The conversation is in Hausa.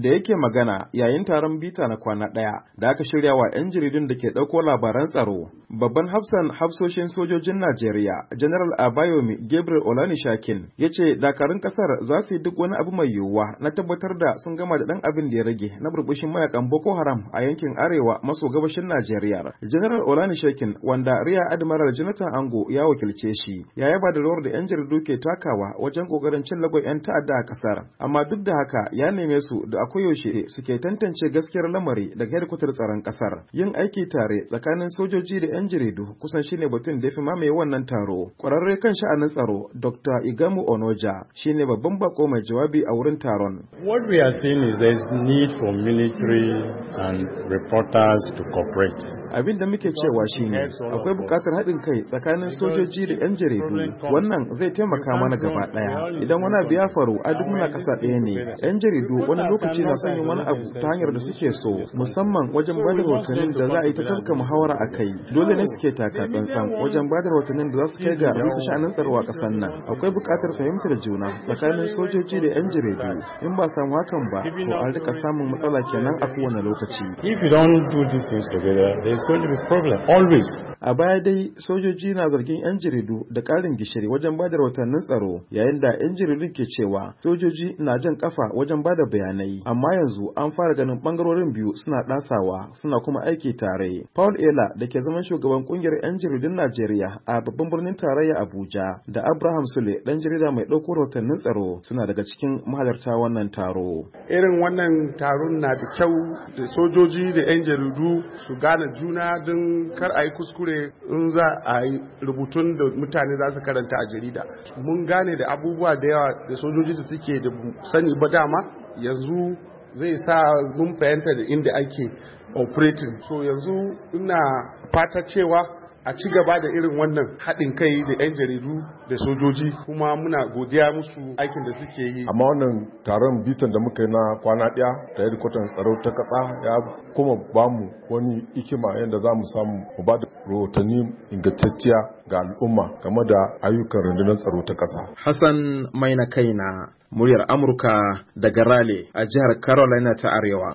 da yake magana yayin taron bita na kwana ɗaya da aka shirya wa 'yan jaridun da ke ɗauko labaran tsaro babban hafsan hafsoshin sojojin najeriya general abayomi gabriel olanishakin ya ce dakarun ƙasar za su yi duk wani abu mai yiwuwa na tabbatar da sun gama da ɗan abin da ya rage na burbushin mayakan boko haram a yankin arewa maso gabashin najeriya general olanishakin wanda riya admiral jonathan ango ya wakilce shi ya yaba da rawar da 'yan jaridu ke takawa wajen ƙoƙarin cin lagos 'yan ta'adda a ƙasar amma duk da haka ya neme su da a koyaushe suke tantance gaskiyar lamari daga hedkwatar tsaron kasar yin aiki tare tsakanin sojoji da 'yan jaridu kusan shine batun da ya fi mamaye wannan taro kwararre kan sha'anin tsaro dr igamu onoja shine babban bako mai jawabi a wurin taron what we are seeing is there is need for military and reporters to cooperate abin da muke cewa shine akwai bukatar haɗin kai tsakanin sojoji da 'yan jaridu wannan zai taimaka mana gaba ɗaya idan wani abu ya faru a duk muna ƙasa ɗaya ne 'yan jaridu wani lokaci ce na wani abu ta hanyar da suke so musamman wajen ba da rahotannin da za a yi ta karka muhawara a kai dole ne suke taka tsantsan wajen ba da rahotannin da za su kai ga rusa sha'anin tsaro a kasan nan akwai buƙatar fahimtar juna tsakanin sojoji da 'yan jaridu in ba samu hakan ba to an rika samun matsala kenan a kowane lokaci if you don't do these things together there is going be problem always a baya dai sojoji na zargin 'yan jaridu da ƙarin gishiri wajen bada rahotannin tsaro yayin da 'yan jaridun ke cewa sojoji na jan ƙafa wajen bada bayanai amma yanzu an fara ganin bangarorin biyu suna ɗasawa suna kuma aiki tare paul ela da ke zaman shugaban ƙungiyar 'yan jaridun najeriya a babban birnin tarayya abuja da abraham sule ɗan jarida mai ɗauko rahotannin tsaro suna daga cikin mahalarta wannan taro irin wannan taron na da kyau da sojoji da 'yan jaridu su gane juna don kar a yi kuskure cire in za a yi rubutun da mutane za su karanta a jarida mun gane da abubuwa da yawa da sojoji da suke da sani ba dama yanzu zai sa mun fahimta da inda ake operating so yanzu ina fata cewa a ci gaba da irin wannan haɗin kai da 'yan jaridu da sojoji kuma muna godiya musu aikin da suke yi amma wannan taron bitan da muka yi na kwana ɗaya ta kwatan tsaro ta ƙasa ya kuma ba mu wani ikima yadda za mu samu mu ba da rahotanni ingantacciya ga al'umma game da ayyukan rundunar tsaro ta ƙasa hassan mai na kaina muryar amurka daga raleigh a jihar carolina ta arewa